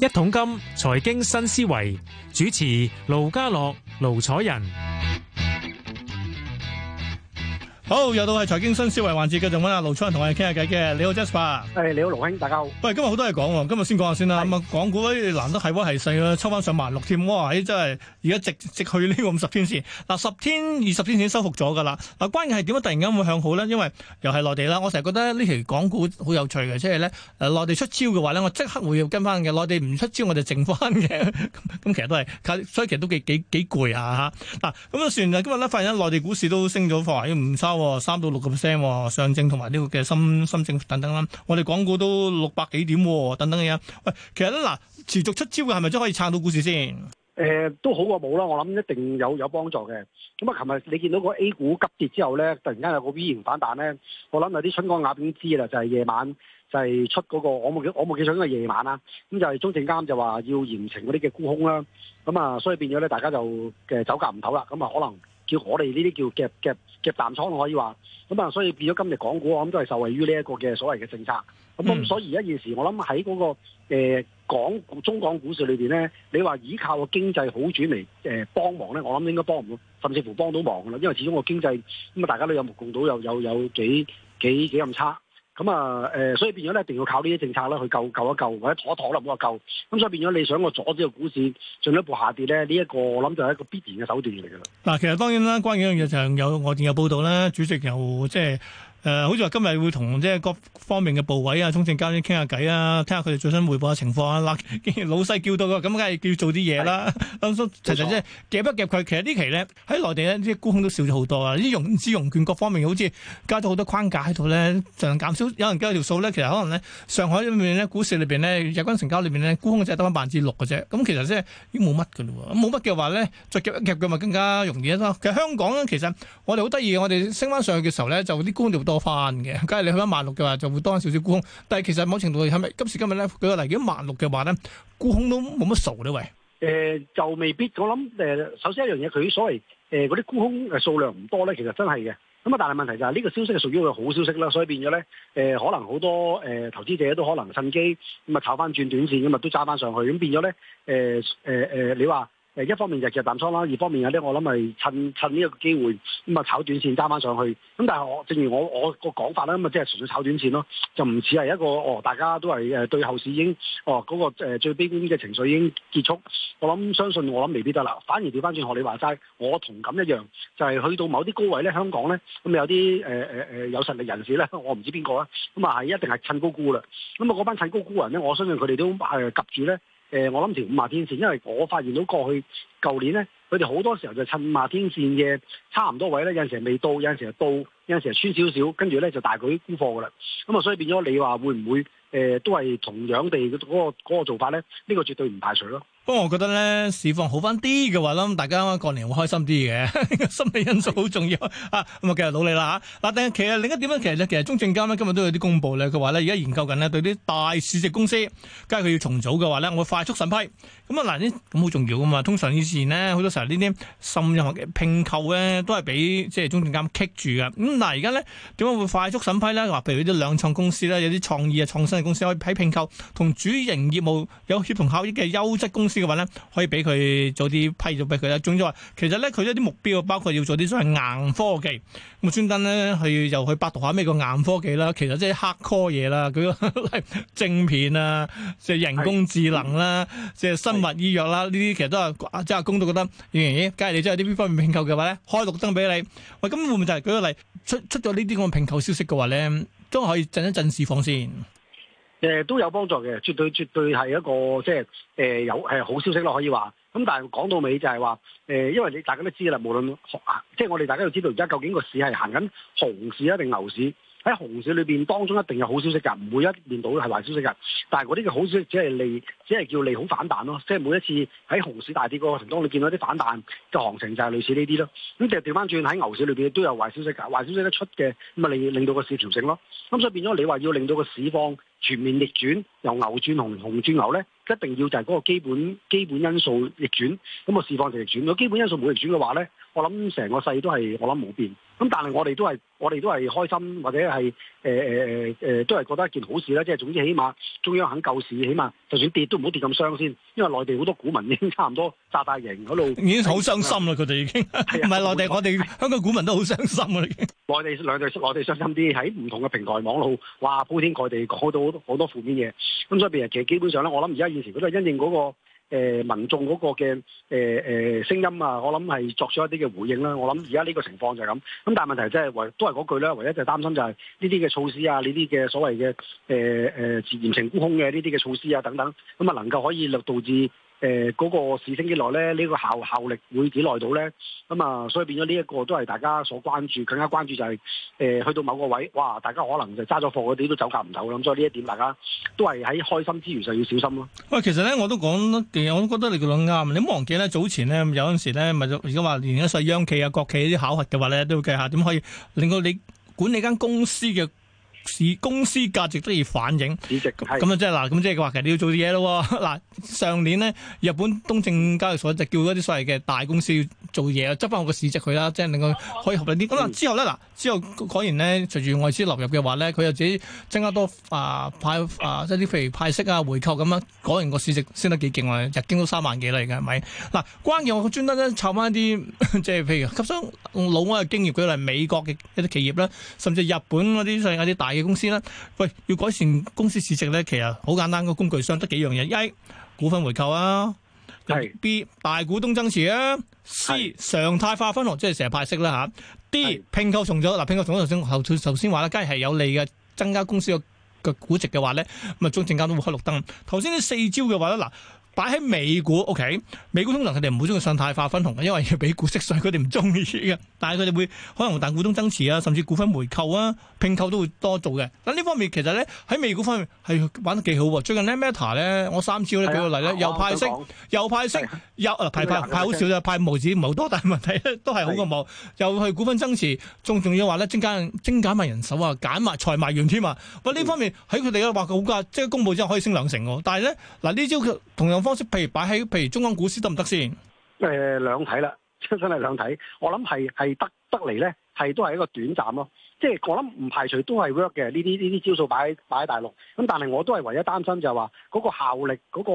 一桶金財經新思維，主持盧家樂、盧楚仁。好，又到係財經新思維環節，繼續揾阿盧昌同我哋傾下偈嘅。你好，Jasper。你好，盧兄，大家好。喂，今日好多嘢講，今日先講下先啦。咁啊、嗯，港股難得係窩係細嘅，抽翻上萬六添。哇，嘿、哎，真係而家直直去呢、這個五十天線。嗱，十天、二十天線收復咗噶啦。嗱，關鍵係點解突然間會向好呢，因為又係內地啦。我成日覺得呢期港股好有趣嘅，即係呢，誒，內地出招嘅話呢，我即刻會要跟翻嘅。內地唔出招，我哋剩翻嘅。咁 其實都係，所以其實都幾幾幾攰下吓。嗱、啊，咁啊算啦。今日發現內地股市都升咗，話唔收。三到六個 percent，上證同埋呢個嘅深深證等等啦，我哋港股都六百幾點，哦，等等嘅嘢。喂，其實咧嗱、呃，持續出招嘅係咪真可以撐到股市先？誒、呃，都好過、啊、冇啦，我諗一定有有幫助嘅。咁、嗯、啊，琴日你見到個 A 股急跌之後咧，突然間有個 V 型反彈咧，我諗有啲春江鴨已經知啦，就係、是、夜晚就係、是、出嗰、那個，我冇記我冇記錯應該夜晚啦、啊。咁、嗯、就係、是、中證監就話要嚴懲嗰啲嘅沽空啦。咁、嗯、啊，所以變咗咧，大家就嘅、呃、走夾唔唞啦。咁、嗯、啊，可能。叫我哋呢啲叫夾夾夾淡倉可以話，咁啊，所以變咗今日港股我諗都係受惠於呢一個嘅所謂嘅政策。咁、嗯、所以而家現時我諗喺嗰個、呃、港中港股市裏面咧，你話依靠個經濟好轉嚟誒幫忙咧，我諗應該幫唔到，甚至乎幫到忙啦，因為始終個經濟咁啊，大家都有目共睹，又有有，有幾幾幾咁差。咁啊，誒、呃，所以變咗咧，一定要靠呢啲政策咧去救救一救，或者妥一妥啦，冇話救。咁所以變咗，你想我阻止個股市進一步下跌咧，呢、這、一個我諗就係一個必然嘅手段嚟嘅啦。嗱，其實當然啦，關於呢樣嘢就有外電有報道啦，主席又即係。誒、呃，好似話今日會同即係各方面嘅部委啊、中證監總傾下偈啊，聽下佢哋最新彙報嘅情況啊。嗱、啊，既然老細叫到嘅，咁梗係叫做啲嘢啦 其夾夾。其實即係夾一夾佢？其實呢期呢喺內地咧，啲沽空都少咗好多啊。啲融資融券各方面好似加咗好多框架喺度呢，就減少有人加一條數呢。其實可能呢，上海裡面呢邊咧股市裏邊呢，日均成交裏邊呢，沽空只係得翻百分之六嘅啫。咁其實即係已經冇乜嘅嘞。咁冇乜嘅話呢，再夾一夾佢咪更加容易咯。其實香港呢，其實我哋好得意，我哋升翻上去嘅時候呢，就啲沽空多翻嘅，假如你去翻萬六嘅話，就會多少少沽空。但係其實某程度嚟咪，係咪今時今日咧，舉個例，如果萬六嘅話咧，沽空都冇乜數咧，喂。誒，就未必。我諗誒、呃，首先一樣嘢，佢所謂誒嗰啲沽空誒數量唔多咧，其實真係嘅。咁啊，但係問題就係、係、呢、呢個消息係屬於一個好消息啦，所以變咗咧誒，可能好多誒、呃、投資者都可能趁機咁啊、嗯、炒翻轉短線，咁、嗯、啊都揸翻上去，咁變咗咧誒誒誒，你話？誒一方面就其實淡倉啦，二方面有啲我諗係趁趁呢一個機會咁啊炒短線揸翻上去。咁但係我正如我我個講法啦，咁啊即係純粹炒短線咯，就唔似係一個哦大家都係誒對後市已經哦嗰、那個、呃、最悲觀嘅情緒已經結束。我諗相信我諗未必得啦，反而調翻轉學你話齋，我同咁一樣，就係、是、去到某啲高位咧，香港咧咁有啲誒誒誒有實力人士咧，我唔知邊個啊，咁啊係一定係趁高沽啦。咁啊嗰班趁高沽人咧，我相信佢哋都誒及住咧。呃誒、呃，我諗條五十天線，因為我發現到過去舊年咧，佢哋好多時候就趁五十天線嘅差唔多位咧，有陣時未到，有陣時候到，有陣時候穿少少，跟住咧就大舉沽貨噶啦。咁啊，所以變咗你話會唔會誒、呃，都係同樣地嗰、嗰個嗰個做法咧？呢、呢個絕對唔排除咯。咁我覺得咧，市況好翻啲嘅話，咁大家過年會開心啲嘅，心理因素好重要啊！咁啊，繼續努力啦嚇嗱，但係其實另一點咧，其實咧，其實中證監咧今日都有啲公佈咧，佢話咧，而家研究緊咧，對啲大市值公司，假如佢要重組嘅話咧，我會快速審批。咁啊嗱，呢咁好重要噶嘛？通常以前咧，好多時候呢啲滲任學嘅拼購咧，都係俾即係中證監棘住噶。咁但係而家咧，點解會快速審批咧？話譬如呢啲兩創公司咧，有啲創意啊、創新嘅公司，可以喺拼購同主營業務有協同效益嘅優質公司嘅話咧，可以俾佢早啲批咗俾佢啦。總之話，其實咧佢一啲目標包括要做啲所謂硬科技。咁專登咧去又去百度下咩叫硬科技啦。其實即係黑科嘢啦，佢 正片啊，即係人工智能啦，即係新。物醫藥啦，呢啲其實都係即係，阿公都覺得。咦咦假如你真係有啲呢方面併購嘅話咧，開綠燈俾你。喂，咁會唔會就係舉個例出出咗呢啲咁嘅併購消息嘅話咧，都可以震一震市況先？誒，都有幫助嘅，絕對絕對係一個即係誒有誒好消息咯，可以話。咁但係講到尾就係話誒，因為你大家都知啦，無論即係我哋大家都知道，而家現在究竟個市係行緊熊市啊，定牛市？喺熊市裏邊當中一定有好消息噶，唔會一面倒係壞消息噶。但係嗰啲嘅好消息只係利，只係叫利好反彈咯。即係每一次喺熊市大跌嘅過程中，你見到啲反彈嘅行情就係類似呢啲咯。咁就調翻轉喺牛市裏邊都有壞消息噶，壞消息一出嘅咁咪令令到個市調整咯。咁所以變咗你話要令到個市況全面逆轉，由牛轉熊，熊轉牛咧？一定要就係嗰個基本基本因素逆轉，咁啊釋放成逆轉。如果基本因素冇逆轉嘅話咧，我諗成個世都係我諗冇變。咁但係我哋都係我哋都係開心或者係誒、呃呃呃、都係覺得一件好事啦。即係總之起碼中央肯救市，起碼就算跌都唔好跌咁傷先。因為內地好多股民已經差唔多紮大營嗰度，已經好傷心啦。佢哋已經唔係 內地我哋，我哋香港股民都好傷心啦。 內地兩地、內地相心啲，喺唔同嘅平台網路，話鋪天蓋地講到好多負面嘢。咁所以其實基本上咧，我諗而家現時都係因應嗰、嗰個、呃、民眾嗰個嘅誒誒聲音啊，我諗係作咗一啲嘅回應啦。我諗而家呢個情況就係咁。咁但係問題即係唯都係嗰句咧，唯一就係擔心就係呢啲嘅措施啊，呢啲嘅所謂嘅誒誒嚴情沽空嘅呢啲嘅措施啊等等，咁啊能夠可以令導致。誒、呃、嗰、那個市升幾耐咧？呢、這個效效力會幾耐到咧？咁啊，所以變咗呢一個都係大家所關注，更加關注就係、是、誒、呃、去到某個位，哇！大家可能就揸咗貨嗰啲都走夾唔走。啦。咁所以呢一點，大家都係喺開心之餘就要小心咯、啊。喂，其實咧我都講，我都覺得你講啱。你忘記咧，早前咧有陣時咧，咪如果話連一世央企啊、國企啲考核嘅話咧，都要計下點可以令到你管理間公司嘅。市公司價值都要反映市值咁。啊，即係嗱，咁即係佢話其實你要做啲嘢咯。嗱， 上年咧，日本東證交易所就叫嗰啲所謂嘅大公司要做嘢，執翻我個市值佢啦，即係令佢可以合理啲。咁、嗯、啊之後咧嗱。之後果然咧，隨住外資流入嘅話咧，佢又自己增加多啊派啊，即係啲譬如派息啊、回購咁樣，果然個市值升得幾勁喎，日經都三萬幾啦，而家係咪？嗱、啊，關鍵我專登咧湊翻一啲，即係譬如吸收老外嘅經驗，舉例美國嘅一啲企業啦，甚至日本嗰啲上嗰啲大嘅公司啦。喂，要改善公司市值咧，其實好簡單，個工具箱得幾樣嘢：A、股份回購啊；二、B 大股東增持啊；C 常態化分紅，即係成日派息啦、啊、嚇。啲併購重組嗱，併購重組頭先頭先話咧，梗係有利嘅增加公司嘅嘅估值嘅話咧，咁啊中證監都會開綠燈。頭先呢四招嘅話咧嗱。擺喺美股，O K。Okay? 美股通常佢哋唔會中意信貸化分紅，嘅，因為要俾股息稅，佢哋唔中意嘅。但係佢哋會可能大股東增持啊，甚至股份回購啊、併購都會多做嘅。嗱呢方面其實咧喺美股方面係玩得幾好喎。最近呢 Meta 咧，我三招咧舉個例咧，啊，又派息，又派息，啊、又嗱派派派好少啫，派無止冇多，但係問題呢都係好過冇，啊。又係股份增持，仲仲要話咧精簡精簡埋人手啊，減埋財務完添啊。咁呢方面喺佢哋嘅話好㗎，即係公布之後可以升兩成喎。但係咧嗱呢招同樣。方式，譬如擺喺譬如中港股市得唔得先？誒、呃、兩睇啦，真係兩睇。我諗係得得嚟咧，係都係一個短暫咯。即、就、係、是、我諗唔排除都係 work 嘅呢啲呢啲招數擺擺喺大陸。咁但係我都係唯一擔心就係話嗰個效力嗰、那個、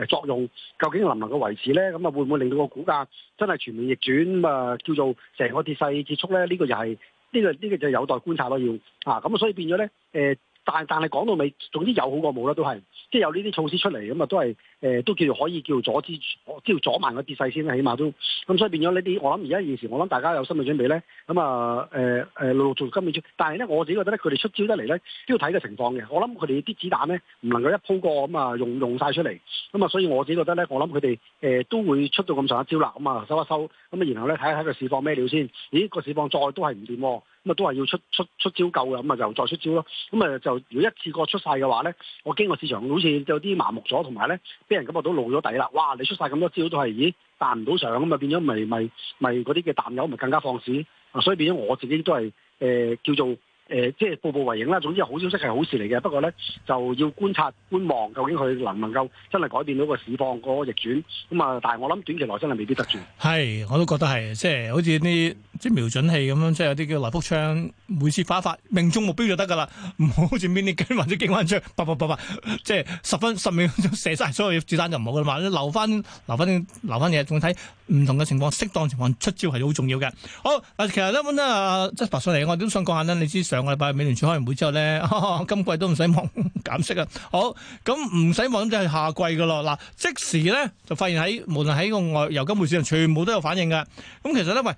呃、作用究竟能唔能夠維持咧？咁啊會唔會令到個股價真係全面逆轉咁啊、呃？叫做成個跌勢結束咧？呢、這個又係呢呢就，是這個這個、就有待觀察咯要啊咁所以變咗咧、呃但係但係講到尾，總之有好過冇啦，都係，即係有呢啲措施出嚟咁啊，都係誒、呃，都叫做可以叫做阻止，叫做阻慢個跌勢先啦，起碼都咁、嗯、所以變咗呢啲，我諗而家現時我諗大家有心理準備咧，咁啊誒誒陸陸續續但係咧我自己覺得咧，佢哋出招得嚟咧都要睇個情況嘅，我諗佢哋啲子彈咧唔能夠一鋪過咁啊、嗯、用用晒出嚟，咁、嗯、啊所以我自己覺得咧，我諗佢哋誒都會出到咁上下招啦，咁、嗯、啊收一收，咁、嗯、啊然後咧睇下睇佢個市況咩料先，咦個市況再都係唔掂。咁啊都係要出出出招夠嘅，咁啊就再出招咯。咁啊就如果一次過出晒嘅話咧，我經過市場好似有啲麻木咗，同埋咧，俾人感覺到露咗底啦。哇！你出晒咁多招都係，咦？彈唔到上咁啊，變咗咪咪咪嗰啲嘅淡友咪更加放肆。所以變咗我自己都係、呃、叫做即係、呃即係、步步為營啦。總之好消息係好事嚟嘅，不過咧就要觀察觀望，究竟佢能唔能夠真係改變到個市況、個逆轉。咁啊，但係我諗短期內真係未必得住。係，我都覺得係，即係好似啲。即係瞄準器咁樣，即係有啲叫來福槍，每次發一發命中目標就得噶啦，唔好似邊啲擊或者機關槍，啪啪啪啪，即係十分十秒射晒所有子彈就唔好啦嘛，留翻、留翻、留翻嘢，仲要睇唔同嘅情況，適當情況出招係好重要嘅。好，其實呢，咁咧，即係白上嚟，我都想講下呢。你知上個禮拜美聯儲開完會之後咧，今季都唔使望減息啊。好，咁唔使望就係下季噶咯。嗱，即時咧就發現喺無論喺個外油金匯市場，全部都有反應嘅。咁其實咧，喂。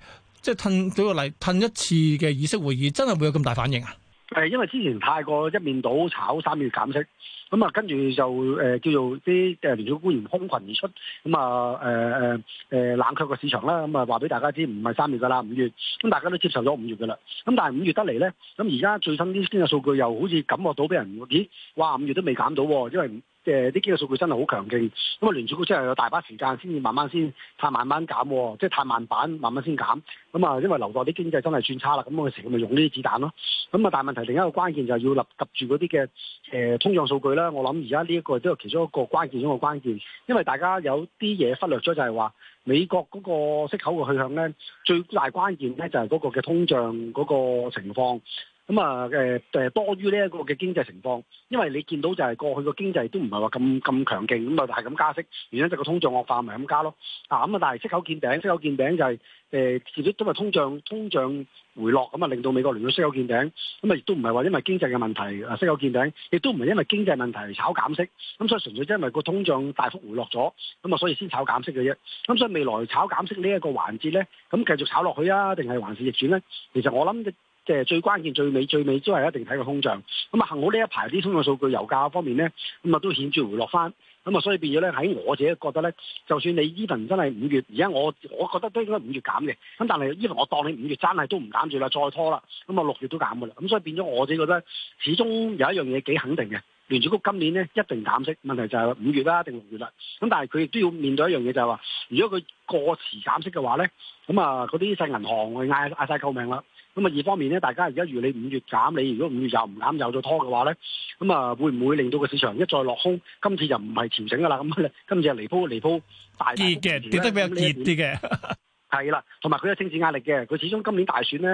即係褪舉個例，褪一次嘅議息會議，真係會有咁大反應啊？誒，因為之前太過一面倒炒三月減息，咁啊跟住就誒、呃、叫做啲誒聯儲官員空群而出，咁啊誒誒誒冷卻個市場啦，咁啊話俾大家知唔係三月㗎啦，五月，咁、嗯、大家都接受咗五月㗎啦，咁、嗯、但係五月得嚟咧，咁而家最新啲先嘅數據又好似感覺到俾人，咦？哇！五月都未減到，因為嘅啲經濟數據真係好強勁，咁啊聯儲局真係有大把時間先至慢慢先太慢慢減，即係太慢版慢慢先減，咁啊因為留待啲經濟真係算差啦，咁我成日咪用呢啲子彈咯，咁啊大問題另一個關鍵就係要立及住嗰啲嘅誒通脹數據啦，我諗而家呢一個都係其中一個關鍵中嘅關鍵，因為大家有啲嘢忽略咗就係話美國嗰個息口嘅去向咧，最大關鍵咧就係嗰個嘅通脹嗰個情況。咁、嗯、啊，誒、嗯、誒多於呢一個嘅經濟情況，因為你見到就係過去個經濟都唔係話咁咁強勁，咁啊係咁加息，原因就個通脹惡化咪咁加咯。嗱，咁啊，但係息口見頂，息口見頂就係、是、誒，其實因為通脹通脹回落，咁、嗯、啊令到美國聯儲息口見頂，咁啊亦都唔係話因為經濟嘅問題啊息口見頂，亦都唔係因為經濟問題炒減息，咁所以純粹就係因為個通脹大幅回落咗，咁啊所以先炒減息嘅啫。咁所以未來炒減息呢一個環節咧，咁繼續炒落去啊，定係還是逆轉咧？其實我諗。即係最關鍵、最尾、最尾都係一定睇個通脹。咁啊，幸好呢一排啲通用數據、油價方面咧，咁啊都顯著回落翻。咁啊，所以變咗咧，喺我自己覺得咧，就算你 even 真係五月而家，我我覺得都應該五月減嘅。咁但係 even，我當你五月真係都唔減住啦，再拖啦。咁啊，六月都減嘅啦。咁所以變咗，我自己覺得始終有一樣嘢幾肯定嘅，聯儲局今年咧一定減息。問題就係五月啦，定六月啦。咁但係佢亦都要面對一樣嘢就係話，如果佢過遲減息嘅話咧，咁啊嗰啲細銀行嗌嗌晒救命啦。咁啊，二方面咧，大家而家如你五月減，你如果五月又唔減，又再拖嘅話咧，咁啊，會唔會令到個市場一再落空？今次就唔係調整噶啦，咁今次又離譜，離譜大啲嘅，跌得比較熱啲嘅，係啦，同埋佢有政治壓力嘅，佢始終今年大選咧、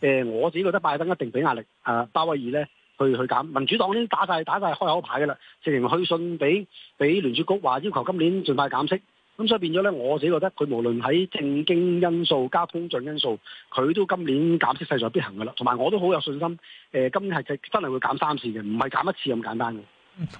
呃，我自己覺得拜登一定俾壓力啊、呃、鮑威爾咧去去減，民主黨已經打晒，打晒開口牌噶啦，直情去信俾俾聯儲局話要求今年儘快減息。咁所以變咗咧，我自己覺得佢無論喺政經因素加通脹因素，佢都今年減息勢在必行㗎喇。同埋我都好有信心，誒、呃，今年係真係會減三次嘅，唔係減一次咁簡單嘅。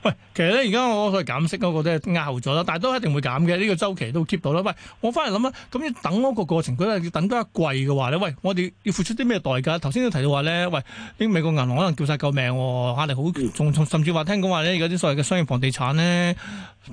喂，其實咧而家我佢減息嗰個都係壓後咗啦，但係都一定會減嘅。呢個周期都 keep 到啦。喂，我翻嚟諗啦，咁要等嗰個過程，佢都要等多一季嘅話咧。喂，我哋要付出啲咩代價？頭先都提到話咧，喂，美國銀行可能叫晒救命，壓力好，仲甚至話聽講話咧，而家啲所謂嘅商業房地產咧，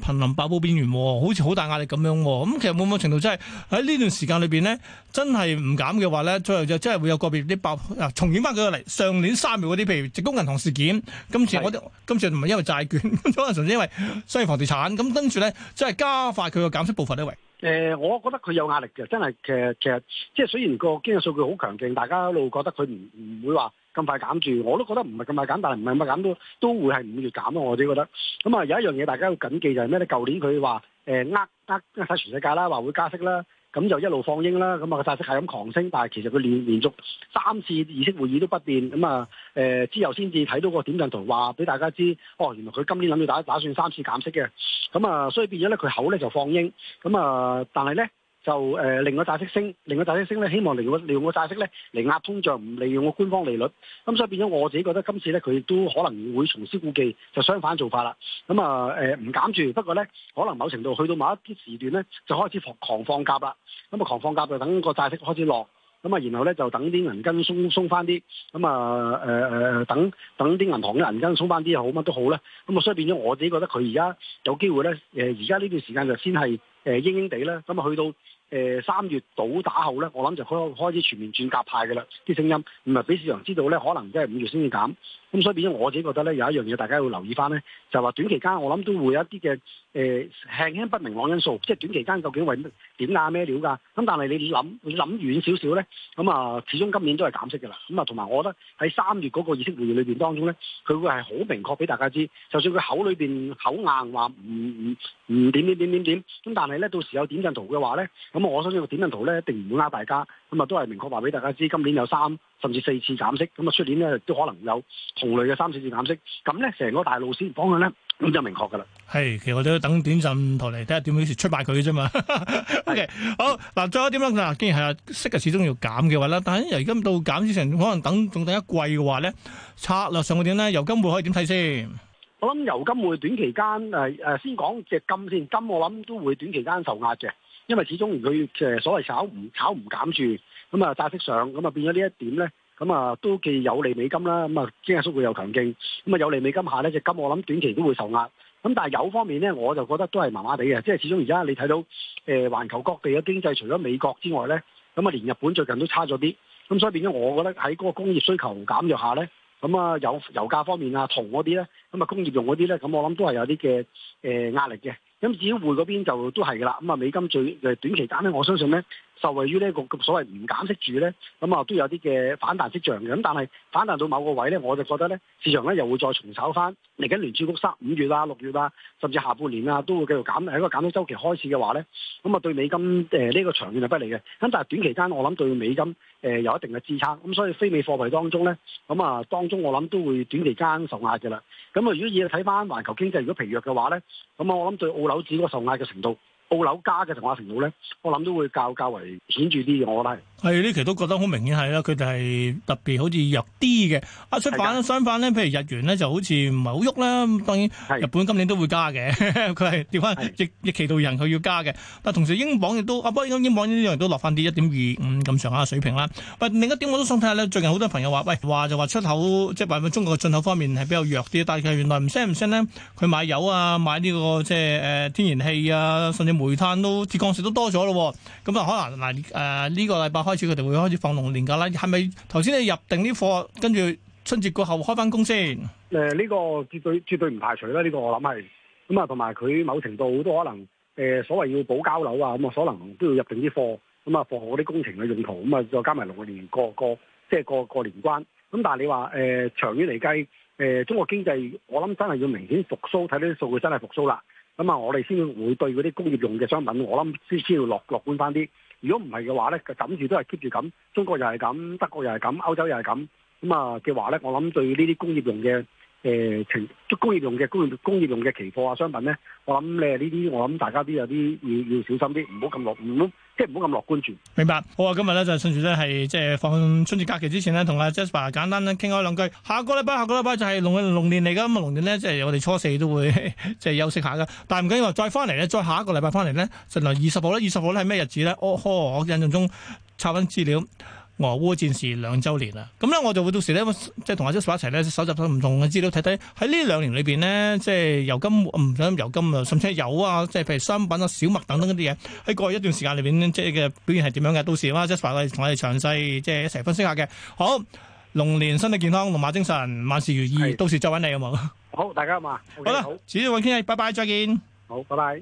瀕臨爆煲邊緣，好似好大壓力咁樣。咁其實冇乜程度，真係喺呢段時間裏邊呢，真係唔減嘅話咧，最後真係會有個別啲爆重演翻佢個嚟上年三月嗰啲，譬如矽谷銀行事件。今次我哋今次唔係因為大可能純粹因為所以房地產咁，跟住咧，即係、就是、加快佢個減息步伐呢？位、呃、誒，我覺得佢有壓力嘅，真係嘅，其實，其實即係雖然個經濟數據好強勁，大家一路覺得佢唔唔會話咁快減住，我都覺得唔係咁快減，但係唔係咁快減都都會係五月減咯。我自己覺得咁啊、嗯，有一樣嘢大家要謹記就係咩咧？舊年佢話誒，呃呃，全世界啦，話會加息啦。咁就一路放鷹啦，咁、那、啊個債息係咁狂升，但係其實佢連連續三次議息會議都不變，咁啊、呃、之後先至睇到個點陣圖，話俾大家知，哦原來佢今年諗住打打算三次減息嘅，咁啊所以變咗咧佢口咧就放鷹，咁啊但係咧。就誒，另、呃、外債息升，另外債息升咧，希望利用利用個債息咧嚟壓通脹，唔利用個官方利率。咁、嗯、所以變咗，我自己覺得今次咧，佢都可能會重施故技，就相反做法啦。咁啊唔減住，不過咧，可能某程度去到某一啲時段咧，就開始狂放鴿啦。咁、嗯、啊，狂放鴿就等個債息開始落，咁、嗯、啊，然後咧就等啲銀根鬆鬆翻啲，咁、嗯、啊、呃呃、等等啲銀行嘅銀根鬆翻啲又好，乜都好啦咁啊，所以變咗我自己覺得佢而家有機會咧，而家呢段時間就先係誒應應地啦。咁、嗯、啊，去到誒、呃、三月倒打後，咧，我諗就開開始全面轉鴿派㗎啦，啲聲音，唔係俾市場知道咧，可能真係五月先至減。咁所以變咗我自己覺得咧，有一樣嘢大家要留意翻咧，就係話短期間我諗都會有一啲嘅誒輕輕不明朗因素，即係短期間究竟為點啱咩料㗎？咁但係你諗你諗遠少少咧，咁啊，始終今年都係減息㗎啦。咁啊，同埋我覺得喺三月嗰個議息會議裏邊當中咧，佢會係好明確俾大家知，就算佢口裏邊口硬話唔唔唔點點點點點，咁但係咧，到時有點陣圖嘅話咧，咁我相信個點陣圖咧一定唔會呃大家。咁啊，都係明確話俾大家知，今年有三甚至四次減息，咁啊出年咧都可能有同類嘅三四次減息。咁咧，成個大路線方向咧，咁就明確噶啦。係，其實我都等短線圖嚟睇下點幾時出賣佢啫嘛。OK，好，嗱，最後一點啦，嗱，既然係息嘅始終要減嘅話咧，但係由而家到減之前，可能等仲等一季嘅話咧，策略上嘅點咧，油金匯可以點睇先？我諗油金匯短期間誒誒，先講隻金先，金我諗都會短期間受壓嘅。因為始終佢所謂炒唔炒唔減住，咁啊債息上，咁啊變咗呢一點咧，咁啊都既有利美金啦，咁啊經濟縮回又強勁，咁啊有利美金下咧，隻金我諗短期都會受壓。咁但係油方面咧，我就覺得都係麻麻地嘅，即係始終而家你睇到誒、呃、環球各地嘅經濟，除咗美國之外咧，咁啊連日本最近都差咗啲，咁所以變咗我覺得喺嗰個工業需求減弱下咧，咁啊油油價方面啊，銅嗰啲咧，咁啊工業用嗰啲咧，咁我諗都係有啲嘅壓力嘅。咁自己匯嗰邊就都係㗎啦，咁啊美金最誒短期單咧，我相信咧。受惠於呢個所謂唔減息住呢，咁啊都有啲嘅反彈跡象嘅。咁但係反彈到某個位呢，我就覺得呢市場呢又會再重炒翻。嚟緊聯儲局三五月啊、六月啊，甚至下半年啊，都會繼續減喺個減息周期開始嘅話呢，咁啊對美金呢、呃呢個長遠係不利嘅。咁但係短期間我諗對美金、呃、有一定嘅支撐。咁所以非美貨幣當中呢，咁啊當中我諗都會短期間受壓嘅啦。咁啊如果要睇翻環球經濟如果疲弱嘅話呢，咁啊我諗對澳紐指嗰個受壓嘅程度。澳樓加嘅同化平佬咧，我諗都會較較為顯著啲嘅，我覺得係。呢期都覺得明顯好明顯係啦，佢哋係特別好似弱啲嘅。出版相反咧，譬如日元咧就好似唔係好喐啦。當然日本今年都會加嘅，佢係掉翻亦亦期到人佢要加嘅。但同時英鎊亦都，阿、啊、波英鎊呢樣都落翻啲一點二五咁上下嘅水平啦。唔係另一點我都想睇下咧，最近好多朋友話喂話就話出口即係話中國嘅進口方面係比較弱啲，但係原來唔聲唔聲咧，佢買油啊買呢、這個即係、呃、天然氣啊甚至煤炭都鐵礦石都多咗咯，咁啊可能嗱誒呢個禮拜開始佢哋會開始放龍年假啦，係咪頭先你入定啲貨，跟住春節過後開翻工先？誒、呃、呢、這個絕對絕對唔排除啦，呢、這個我諗係咁啊，同埋佢某程度都可能誒、呃、所謂要保交樓啊，咁啊可能都要入定啲貨，咁啊放好啲工程嘅用途，咁、嗯、啊再加埋龍年過過即係過過年關。咁、嗯、但係你話誒、呃、長遠嚟計誒、呃、中國經濟，我諗真係要明顯復甦，睇呢啲數據真係復甦啦。咁啊，我哋先會對嗰啲工業用嘅商品，我諗先先要樂樂觀翻啲。如果唔係嘅話咧，佢揼住都係 keep 住咁。中國又係咁，德國又係咁，歐洲又係咁。咁啊嘅話咧，我諗對呢啲工業用嘅情、呃，工業用嘅工業工業用嘅期貨啊商品咧，我諗你係呢啲，我諗大家都有啲要要小心啲，唔好咁樂觀囉。即係唔好咁樂觀住。明白。好啊，今日咧就是，順住咧係即係放春節假期之前咧，同阿 Jasper 簡單咧傾開兩句。下個禮拜，下個禮拜就係龍龍年嚟嘅。咁啊，龍年咧即係我哋初四都會即係，就是、休息下嘅。但係唔緊要啊，再翻嚟咧，再下一個禮拜翻嚟咧，就量二十號咧，二十號咧係咩日子咧？哦呵，我印象中查緊資料。俄烏戰事兩週年啦，咁咧我就會到時咧，即係同阿 Jasper 一齊咧搜集咗唔同嘅資料，睇睇喺呢兩年裏邊呢，即係油金唔想、嗯、油金啊，甚至係油啊，即係譬如商品啊、小麥等等嗰啲嘢喺過去一段時間裏邊咧，即係嘅表現係點樣嘅？到時阿 Jasper 同我哋詳細即係一齊分析下嘅。好，龍年身體健康，龍馬精神，萬事如意。到時再揾你好唔好？好，大家好嘛。好啦，主持王堅，拜拜，再見。好，拜拜。